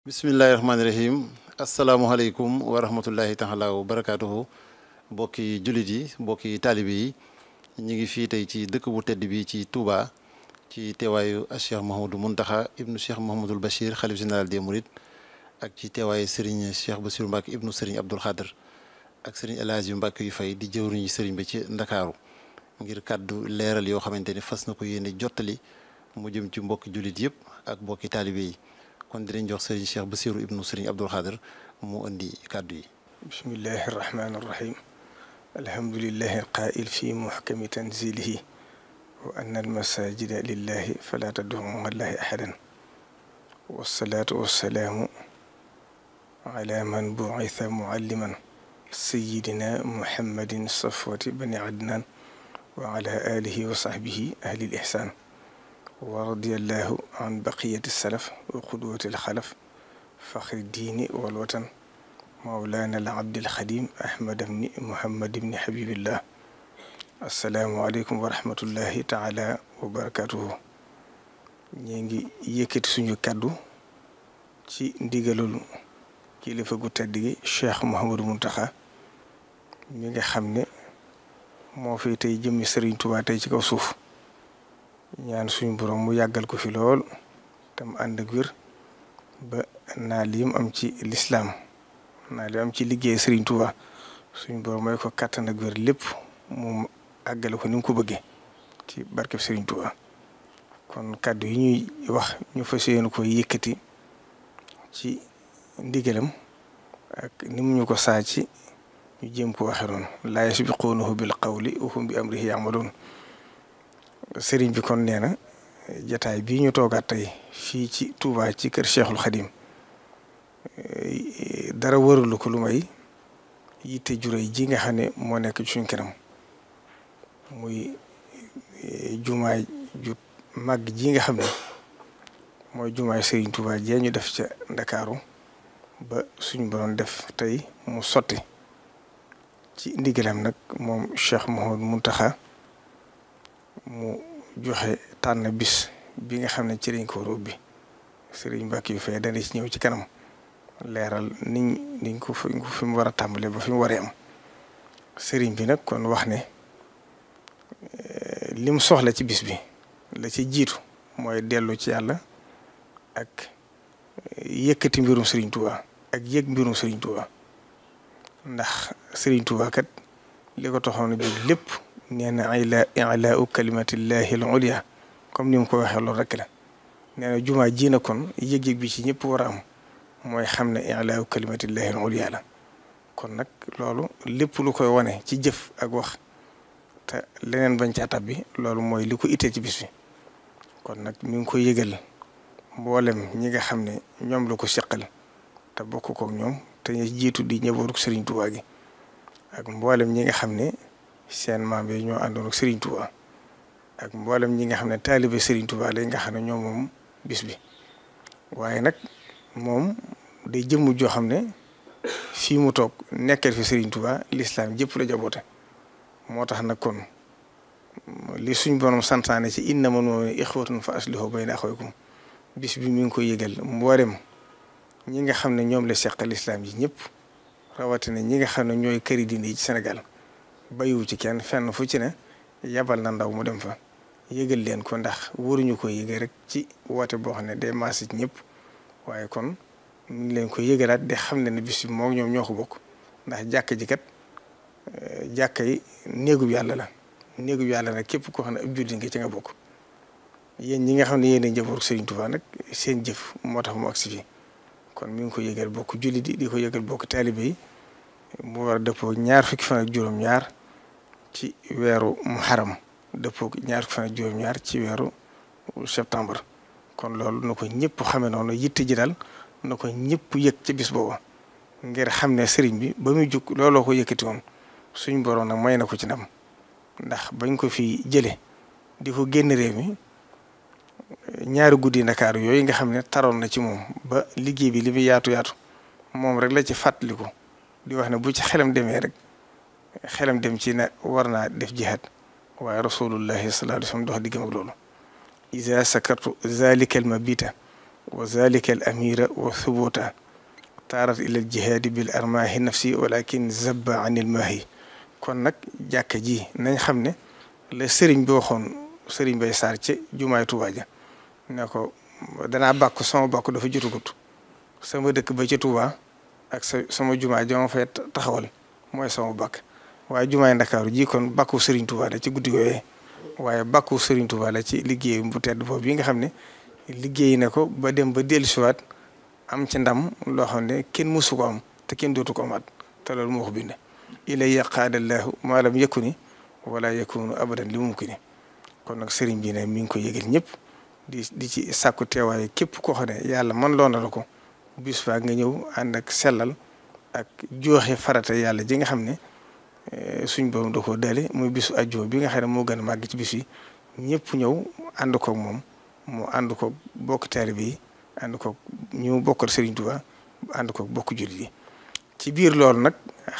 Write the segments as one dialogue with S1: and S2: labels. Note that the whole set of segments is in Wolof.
S1: بسم الله الرحمن الرحيم السلام عليكم ورحمة الله تعالى وبركاته بوكي جلدي بوكي طالبي نيجي في تيجي دكبو تدبي تي توبا تي تواي الشيخ محمود منتخا ابن الشيخ محمود البشير خليفة جنرال دي مريد اك تي تواي سرين الشيخ بسير مباك ابن سرين عبد الخادر اك سرين الازيم باك يفاي دي جوريني سرين بيتي ندكارو ngir kaddu leral yo xamanteni fas na ko yene jotali mu jëm ci كون دي نجوخ سيرين شيخ بصير ابن سيرين عبد الخادر مو اندي كادو بسم الله الرحمن الرحيم
S2: الحمد لله القائل في محكم تنزيله وان المساجد لله فلا تدعوا مع الله احدا والصلاه والسلام على من بعث معلما سيدنا محمد صفوة بن عدنان وعلى آله وصحبه أهل الإحسان ورضي الله عن بقية السلف وقدوة الخلف فخر الدين والوطن مولانا العبد الخديم أحمد بن محمد بن حبيب الله السلام عليكم ورحمة الله تعالى وبركاته نيجي يكت سنيو كادو تي ديغلول كي لفا الشيخ محمد منتخا ميغا خامني مو في تاي جيمي سيرن توبا ñaan suñu borom mu yàggal ko fi lool tam ànd ak wér ba naa lim am ci lislaam naa lim am ci liggéey Serigne Touba suñu borom may ko kattan ak lépp mu àggale ko ni mu ko bëggee ci barkeb Serigne Touba kon kàddu yi ñuy wax ñu fas yéene ko yëkkati ci ndigalam ak ni mu ñu ko saa ci ñu jéem ko waxe noonu laa yasbiquunahu bil qawli wa hum bi amrihi ya'maluun sëriñ bi kon nee na jataay bii ñu toogaat tey fii ci Touba ci kër Cheikhul Khadim eh, dara wërulu ko lu may yitte juróoy ji nga xam ne moo nekk ci suñ kanam muy eh, jumaay ju màgg ji nga xam ne mooy jumaay sëriñ Touba jee ñu def ca Ndakaaru ba suñu borom def tey mu sotti ci ndigalam nag moom Cheikh Mouhamadou Mountakha mu joxe tànn bis bi nga xam ne ci lañ ko war sëriñ Mbacke yu fay dana ci ñëw ci kanam leeral niñ niñ ko fi fi mu war a tàmbalee ba fi mu waree am sëriñ bi nag kon wax ne eh, lim soxla ci bis bi la ci jiitu mooy dellu ci yàlla ak eh, yëkkati mbirum sëriñ Touba ak yëg mbirum sëriñ Touba ndax sëriñ Touba kat li ko taxoon a jóg lépp. nee na ila ilaau kalimatillahi al ulia comme ni mu ko waxee loolu rek la nee na jumaa ji na kon yëg-yëg bi ci ñëpp war a am mooy xam ne ilaau kalimatillahi al ulia la kon nag loolu lépp lu koy wane ci jëf ak wax te leneen bañ ca tab bi loolu mooy li ko ittee ci bis bi kon nag mi ngi koy yëgal mboolem ñi nga xam ne ñoom la ko seqal te bokk kook ñoom te ñu jiitu di ñëbooru Sëriñ Tuubaa gi ak mboolem ñi nga xam ne seen maam yi ñoo àndoon ak Serigne ak mboolem ñi nga xam ne taalibe Serigne Touba lañ nga xam ne ñoom moom bis bi waaye nag moom day jëmm joo xam ne fii mu toog nekkee fi Serigne Touba lislaam jëpp la jaboote moo tax nag kon li suñ borom santaane ci innamal mu'minuuna ixwatun fa aslihu bayna axawaykum bis bi mi ngi koy yëgal mboolem ñi nga xam ne ñoom la seqal lislaam ji ñëpp rawatina ñi nga xam ne ñooy këri diine yi ci Sénégal. bayiwu ci kenn fenn fu ci ne yabal na ndaw mu dem fa yëgal leen ko ndax waruñu ko yëge rek ci woote boo xam ne de maasi ñëpp waaye kon ñu ngi leen ko yëgalaat de xam ne ne bis bi moom ñoom bokk ndax jàkka ji kat eh, jàkka yi néegub yàlla la néegub yàlla nag képp koo xam ne ab jullit nga ci nga bokk yéen ñi nga xam ne yéen a jëfoor nag seen jëf moo tax mu agsi kon mi ngi ko yëgal bokk jullit yi di ko yëgal bokk taalibe yi mu war a dëppoo ñaar fukki fan ak juróom-ñaar. ci weeru xaram dëppoo ñaar fan ak juróom-ñaar ci weeru septembre kon lool na ko ñëpp xamee noonu yitte ji daal na ko ñëpp yëg ci bis boobu ngir xam ne sëriñ bi ba muy jug looloo ko yëkkati woon suñ boroom nag may na ko ci ndam ndax bañ ko fi jële di ko génn réew mi ñaari guddi ndakaaru yooyu nga xam ne taroon na ci moom ba liggéey bi li mu yaatu yaatu moom rek la ci fàttaliku di wax ne bu ci xelam demee rek. خلم دمتينا ورنا دف جهاد ورسول الله صلى الله عليه وسلم دوها ديجم لولو إذا سكرت ذلك المبيت وذلك الأمير وثبوت تعرض إلى الجهاد بالأرماه النفسي ولكن زب عن الماهي كونك جاك جي نان خمني لسرين بوخون سرين بي سارتي جمعة تواجا نكو دانا باكو سامو باكو دفو جرغوت سامو دك بجي توبا ak sama jumaa jama fay taxawal mooy sama bakk waaye jumaay Ndakaaru ji kon bàkku Serigne Touba la ci waaye bàkku Serigne Touba ci liggéey bu tedd boobu yi nga xam ne liggéey na ko ba dem ba dellusiwaat am ci ndam loo xam ne kenn mësu ko am te kenn dootu ko amaat te loolu moo ko bind ilay qaadallaahu maa lam yakuni wala yakunu abadan li mumkini kon nag Serigne bi ne mi ngi ko yëgal ñëpp di di ci sàkku teewaay képp koo xam yàlla man loo na la ko bis faa nga ñëw ànd ak sellal ak jooxe farata yàlla ji nga xam ne Eh, suñ borom da koo dale muy bisu ajjuma bi nga xam ne moo gën a màgg ci bis yi ñëpp ñëw ànd kok moom mu ànd koog bokk taalibe bi ànd koog ñu bokkal Serigne Touba ànd koog bokk jullit yi ci biir lool nag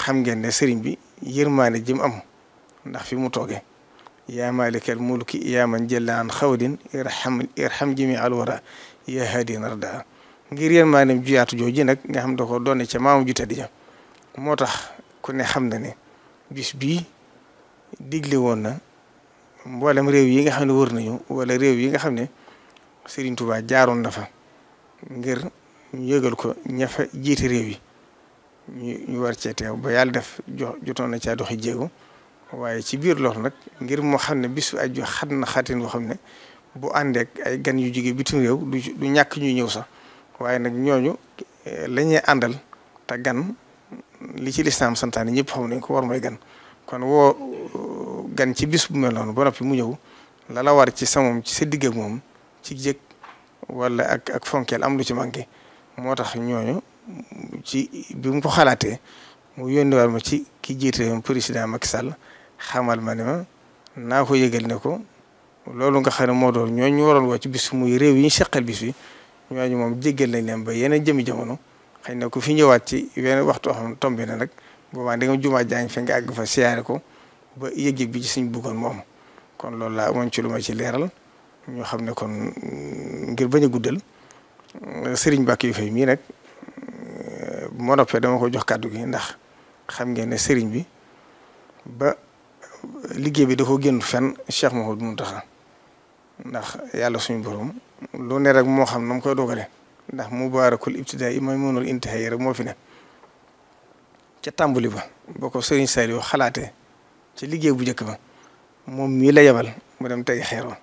S2: xam ngeen ne Serigne bi yërmaane jëm am ndax fi mu toogee yaa maalikal mulki yaa man jëllaan xawdin irham irham jimi alwara yaa haadin arda ngir yërmaaneem juyaatu jooju nag nga xam da ko doon ca maamu ju tedd moo tax ku ne xam na ne bis bii digle woon na mboolem réew yi nga xam ne wër nañu wala réew yi nga xam ne Serigne Touba jaaroon na fa ngir ñu yëgal ko ña fa jiite réew yi ñu ñu war cee teew ba yàlla def jox jotoon na caa doxi jéego waaye ci biir loolu nag ngir moo xam ne bisu aju xat na xatin boo xam ne bu àndeek ay gan yu jóge bitim réew du ñàkk ñuy ñëw sax waaye nag ñooñu eh, la àndal te gan. li ci lislaam santaane ñëpp xam nañ ko war mooy gan kon woo gan ci bis bu mel noonu ba noppi mu ñëw la la war ci sa ci sa digg ak moom ci jëkk walla ak ak fonkeel am lu ci manqué moo tax ñooñu ci bi ko xalaatee mu yónniwaat ma ci ki jiite réewam président Macky Sall xamal ma ne ma naa ko yëgal ne ko loolu nga xam ne moo doon ñooñu waroon woo ci bis muy réew yi ñu seqal bis bi ñooñu moom jéggal nañ leen ba yeneen jëmmi jamono. xëy na ku fi ñëwaat ci wenn waxtu xam tombe nag boobaa da nga jumaa jaañ fe fa siyaare ko ba yëg bi ci suñ bëggoon moom kon loolu laa amoon ci lu ma ci leeral ñu xam ne kon ngir bañ a guddal sëriñ Mbacke mii nag bu dama ko jox kàddu ndax xam ngeen ne sëriñ bi ba liggéey bi da ko génn fenn Cheikh Mouhamadou Mountakha ndax yàlla suñu borom lu ne rek moo xam na koy dogale ndax mubaarakul ibtidaa yi mooy mënul intihaa yi rek moo fi ne ca tàmbali ba boo ko sëriñ Saliou xalaate ci liggéey bu njëkk ba moom mii la yebal mu dem tey xeeroo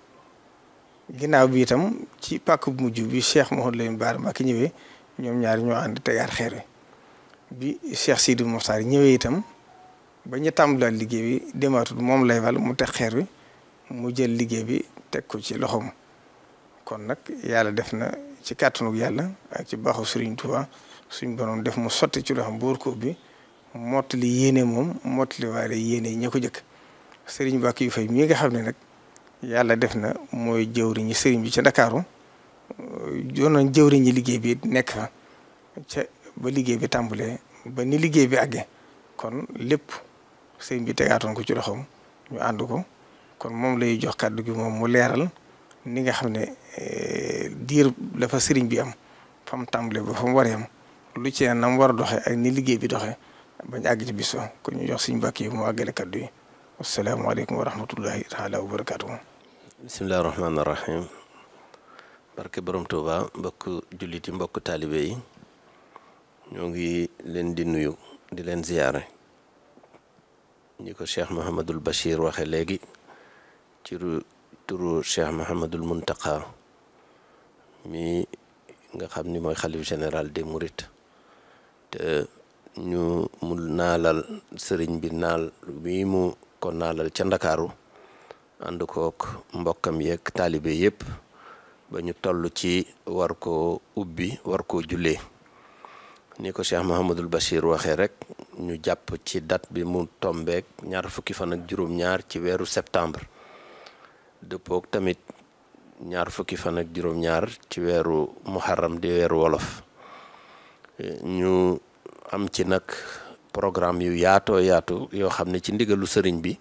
S2: ginnaaw bi itam ci pàkk mujj bi Cheikh Mouhamadou Lamine Bara Mbacké ñoom ñaari ñoo ànd tegaat xeer wi bi Cheikh Sidi Mokhtar ñëwee itam ba ñu tàmbalaat liggéey bi demaatul moom lay wal mu teg xeer wi mu jël liggéey bi teg ko ci loxoom kon nag yàlla def na ci kàttanu yàlla ak ci baaxu Serigne Touba suñ borom def mu sotti ci loo xam boor ko bi mottali yéene moom mottali waale yéene ña ko jëkk Serigne Mbackiou fay mii nga xam ne nag yàlla def na mooy jëwriñu sëriñ bi ca Ndakaaru doonoon jëwriñu liggéey bi nekk fa ca ba liggéey bi tàmbalee ba ni liggéey bi àggee kon lépp Serigne bi tegaatoon ko ci loxoom ñu ànd ko kon moom lay jox kàddu gi moom mu leeral. ni nga xam ne eh, diir la fa sëriñ bi am fa mu tàmbalee ba fa mu waree am lu ci ne na mu war a doxee ak ni liggéey bi doxee bañ àgg ci bis ko ñu jox suñu mbàkk yi mu àggale kaddu yi asalaamaaleykum wa rahmatullahi taala wa barakaatu.
S1: bisimilah rahmaani rahim. barke borom Touba mbokk jullit yi mbokk taalibe yi ñoo ngi leen di nuyu di leen ziyaare ñi ko cheikh Mouhamadul Bachir waxe léegi turu Cheikh Mouhamadul Muntaqa mi nga xam ni mooy xalif général de Mourides te ñu mu naalal sëriñ bi naal mi mu ko naalal ca Ndakaaru ànd kook mbokkam yeeg taalibe yëpp ba ñu toll ci war ko ubbi war koo jullee ni ko Cheikh Mouhamadul Bachir waxee rek ñu jàpp ci date bi mu tombeek ñaar fukki fan ak juróom-ñaar ci weeru septembre dëppook tamit ñaar fukki fan ak juroom ñaar ci wéru muharram di wéru wolof ñu am ci nak programme yu yaato yaatu yo xamne ci ndigalu sëriñ bi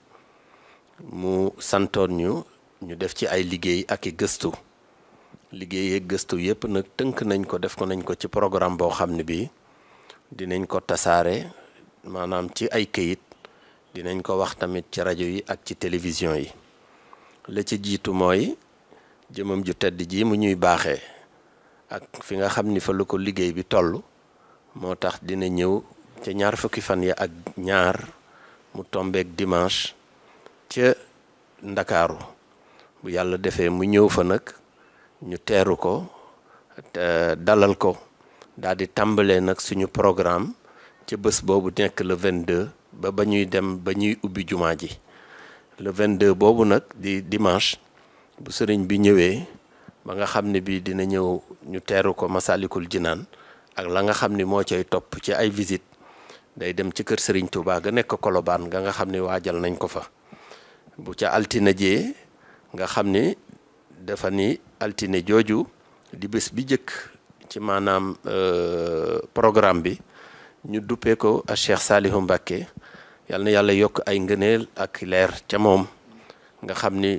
S1: mu santone ñu ñu def ci ay liggéey ak i gëstu liggéey ak gëstu yépp nak teunk nañ ko def ko nañ ko ci programme bo xamne bi bii dinañ ko tassaré manam ci ay këyit dinañ ko wax tamit ci radio yi ak ci télévision yi la ca jiitu mooy jëmam ju tedd ji mu ñuy baaxee ak fi nga xam ni fa lu ko liggéey bi toll moo tax dina ñëw ca ñaar fukki fan yi ak ñaar mu tombeek dimanche ca ndakaaru bu yàlla defee mu ñëw fa nag ñu teeru ko dalal ko daal tàmbalee nag suñu programme ca bés boobu nekk le 22 ba ba ñuy dem ba ñuy ubbi jumaa ji le vingt deux boobu nag di dimanche bu sëriñ bi ñëwee ba nga xam ne bii dina ñëw ñu teeru ko Masalikul Jinaan ak la nga xam ni moo cay topp ci ay visite day dem ci kër sëriñ Touba ga nekk Kolobaan ga nga xam ni waajal nañ ko fa bu ca altine jee nga xam ni dafa ni altine jooju di bés bi jëkk ci maanaam euh, programme bi ñu duppee ko a Cheikh Salihu Mbacké yal na yàlla yokk ay ngëneel ak leer ca moom nga xam ni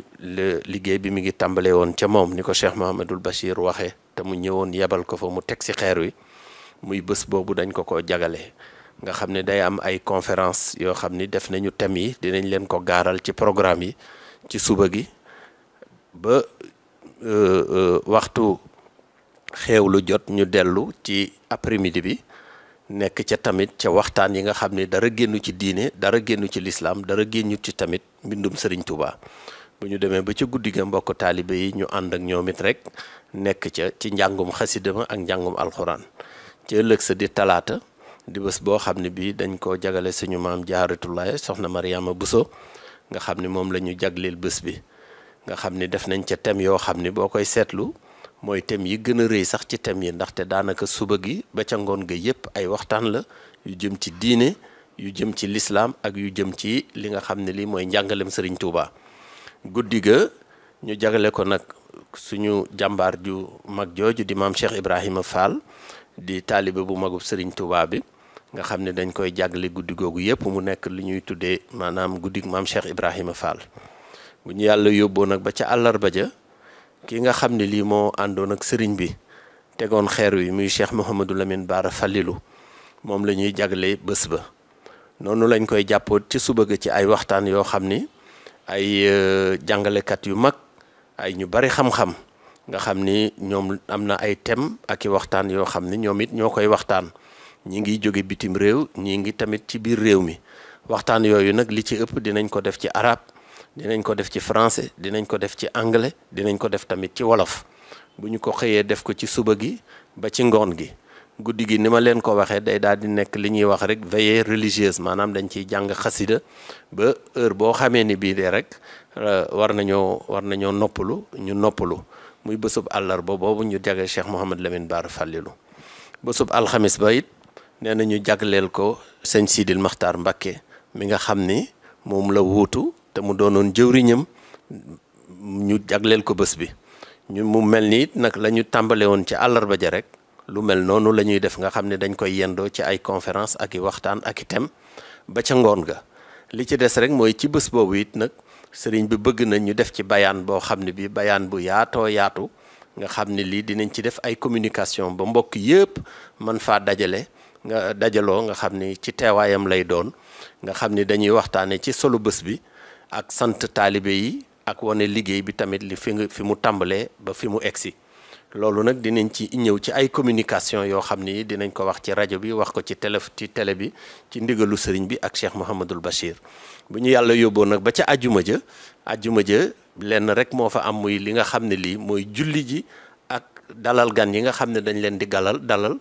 S1: liggéey bi mu ngi tàmbale woon ca moom ni ko Cheikh Mouhamadul Bachir waxee te mu ñëwoon yebal ko fa mu teg si xeer wi muy bés boobu dañ ko ko jagale nga xam ne day am ay conférence yoo xam ni def nañu tem yi dinañ leen ko gaaral ci programme yi ci suba gi ba euh, euh, waxtu xeewlu jot ñu dellu ci après-midi bi Nek ci tamit ci waxtaan yi nga xam dara gennu ci diine dara gennu ci l'islam dara gennu ci tamit mbindum Serigne Touba bu ñu demee ba ci guddige ga mbokk taalibe yi ñu and ak ñoom rek nek ci ci njangum khassidama ak njangum alquran ci ëlëk sa di talata di bés bo xam bi dañ ko jagalé suñu mam jaaratulaay soxna Mariama Buso nga xam mom lañu jaglél ñu bi nga xam def nañ ci tém yo bokoy sétlu moy tem yi gëna a sax ci tem yi ndaxte baca suba gi ba ca ngon ga yépp ay waxtaan la yu jëm ci diiné yu jëm ci l'islam ak yu jëm ci li nga xamné li moy mooy Serigne Touba guddi ga ñu jagale ko nak suñu jambar ju mag joju di mam Cheikh Ibrahima Fall di talibé bu magu Serigne Touba bi nga xamné dañ koy jàggale guddi googu yépp mu nekk li ñuy tuddé manam guddik mam Cheikh Ibrahima Fall bu ñu yalla yobbo nak ba ca àllarba ja ki nga xam ne lii moo àndoon ak sëriñ bi tegoon xeer wi muy Cheikh Mouhamadou Lamine baara Fallilu moom la ñuy jagle bés ba noonu lañ koy jàppoot ci suba ga ci ay waxtaan yoo xam ni ay euh, jàngalekat yu mag ay ñu bari xam-xam nga xam ni ñoom am na ay thème aki waxtaan yoo xam ni ñoom it ñoo koy waxtaan ñi ngi jóge bitim réew ñi ngi tamit ci biir réew mi waxtaan yooyu nag li ci ëpp dinañ ko def ci arab dinañ ko def ci français dinañ ko def ci anglais dinañ ko def tamit ci wolof bu ko xëyee def ko ci suba gi ba ci gi guddi gi ko waxee day daal di nekk li ñuy wax rek veillée religieuse maanaam dañ ciy jàng xasida ba heure boo xamee ni bii de rek euh, war nañoo war nañoo noppalu ñu muy bësub àllarba boobu ñu jagee cheikh mohamad lamin baar fàllilu bësub alxamis ba it nee na ko sëñ sidil makhtar mbakke mi nga xam ni la te mu doonoon jëwriñam ñu jaglel ko bés bi ñu mu mel ni nag la ñu tàmbale woon ci àllarba ja rek lu mel noonu la ñuy def nga xam ne dañ koy yendoo ci ay conférence ak i waxtaan ak i tem ba ca ngoon ga li ci des rek mooy ci bés boobu it nag sëriñ bi bëgg na ñu def ci bayaan boo xam ne bi bayaan bu yaatoo yaatu nga xam ne lii dinañ ci def ay communication ba mbokk yépp man faa dajale nga dajaloo nga xam ci teewaayam lay doon nga xam dañuy waxtaane ci solo bés bi ak sant talibé yi ak woné liggéey bi tamit li fi mu tambalé ba fi mu egsi loolu nak dinañ ci ñëw ci ay communication yo xamni dinañ ko wax ci radio bi wax ko ci télé ci télé bi ci ndigalu sëriñ bi ak Cheikh Mouhamadul Bachir bu ñu yàlla yóbboo nag ba ci aljuma ja aljuma ja lenn rek mo fa am muy li nga xamni li moy julli ji ak dalal gan yi nga xamni dañ leen di galal dalal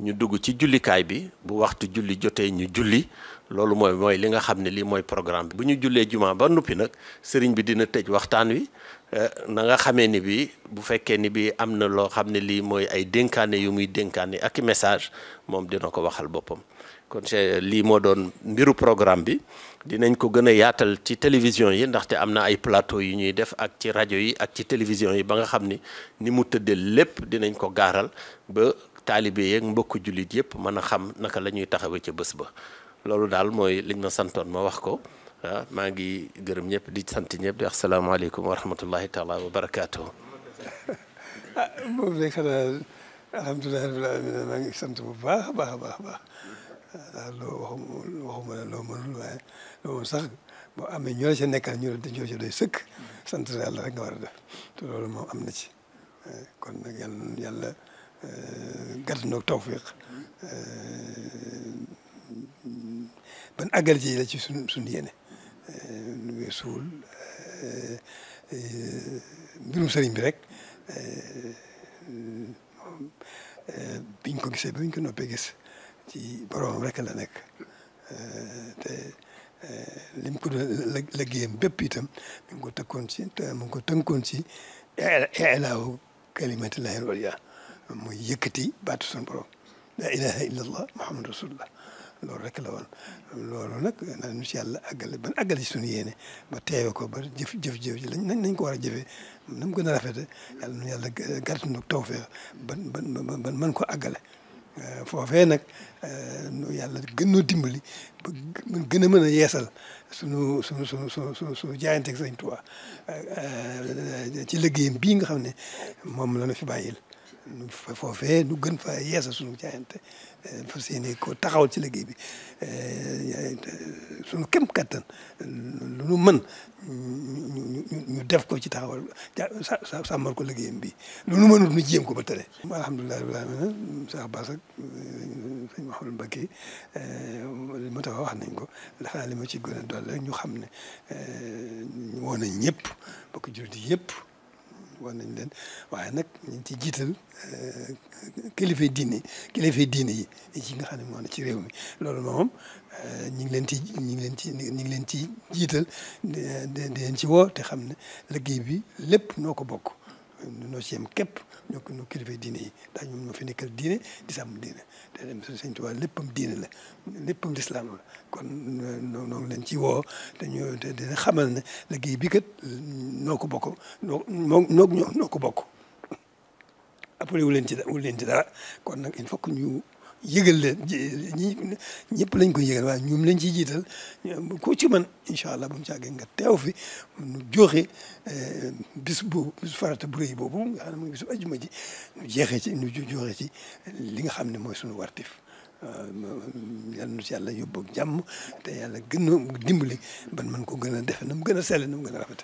S1: ñu dugg ci kay bi bu waxtu julli joté ñu julli loolu mooy mooy li nga xam ne lii mooy programme bi bu ñu jullee juma ba noppi nag sëriñ bi dina tëj waxtaan wi eh, na nga xamee ni bi bu fekkee ni bi am na loo xam ne lii mooy ay dénkaane yu muy dénkaane ak i message moom dina ko waxal boppam kon c'est lii moo doon mbiru programme bi dinañ ko gën a yaatal ci télévision yi ndaxte am na ay plateau yu ñuy def ak ci rajo yi ak ci télévision yi ba nga xam ni ni mu tëddee lépp dinañ ko gaaral ba taalibe yeeg mbokku jullit yëpp mën a xam naka la ñuy taxawee ca bés ba loolu daal mooy liñ ma santoon ma wax ko ah, maa ngi gërëm ñëpp di sant ñëpp di wax salaamaaleykum wa rahmatullahi taala wa barakaatu.
S3: ah moom de sant bu baax a baax a baax baax ah, loo waxu waxuma la loo sax boo amee ñoo la ca nekkal ñu la ñoo ca doy sëkk sant yàlla rek nga war a def te loolu moom am na eh, kon nag yàlla yàlla eh, noog tawfiq eh, ban agal la ci suñ suñu yéene euh, nu weesuwul euh, euh, mbirum sëriñ bi rek biñ ko gisee biñ ko noppee gis ci boroom rek la nekk lim ko doon liggéeyam bépp itam mi ko tëkkoon ci te mu ngi ko tënkoon ci ilaahu kalimatillahi al-ulya yëkkati baatu suñu borom la ilaha illa allah muhammadu rasulullah loolu rek la woon loolu nag nañu si yàlla àggale ban àggale si suñu yéene ba teewe ko ba jëf jëf jëf ji lañ nañ ko war a jëfee na mu gën a rafete yàlla nu yàlla gàtt nu tawfeex ban ban ban mën ko àggale foofee nag yàlla gën noo dimbali ba gën a mën a yeesal sunu sunu sunu sunu sunu sunu jaayanteeg Sëñ Tuubaa ci liggéeyam bii nga xam ne moom la ñu fi bàyyil foofe nu gën fa yeesa suñu jaayante eh, fas yéene ko taxawal ci liggéey bi eh, suñu kem kattan lu nu man ñu def ko ci taxawal sàmmal ko liggéeyam bi
S1: lu nu mënut nu jéem ko
S3: ba tële alhamdulilahi rabbil alamin Cheikh Bass ak eh, sëñ Mouhamadou Mbacké li ma wax nañ ko xanaa li ma ci gën a rek ñu xam ne ñu woon nañ ñëpp bokk jullit yëpp wan nañ leen waaye nag ñu ngi ci jiital euh, kilifa diine kilifa diine yi yi nga xam ne moo ne ci réew mi loolu moom euh, ñu ngi leen ci ñu ngi leen ci ñu ngi leen ci jiital di leen ci woo te xam ne liggéey bi lépp noo ko bokk. ñoo ci yem képp ñoo ko ñoo kilifa diine di sàmm diine te dem la léppam lislaam la kon euh, noonu leen ci woo te ñu te dina xamal ne liggéey bi kat noo ko bokk noo noo ko bokk appelé wu leen ci dara kon nag il faut ñu yëgal leen ñi ñëpp lañ ko yëgal waaye ñoom lañ ci jiital ku ci man incha allah bu mu càggee nga teew fi nu joxe eh, bis boobu bis farata bu rëy boobu nga xam ne mooy bisu ji nu jeexee ci nu joxe ci li nga xam ne mooy suñu wartif yal na ci yàlla yóbbu ak jàmm te yàlla gën a dimbali ban man ko gën a defe na mu gën a sell na mu gën a rafet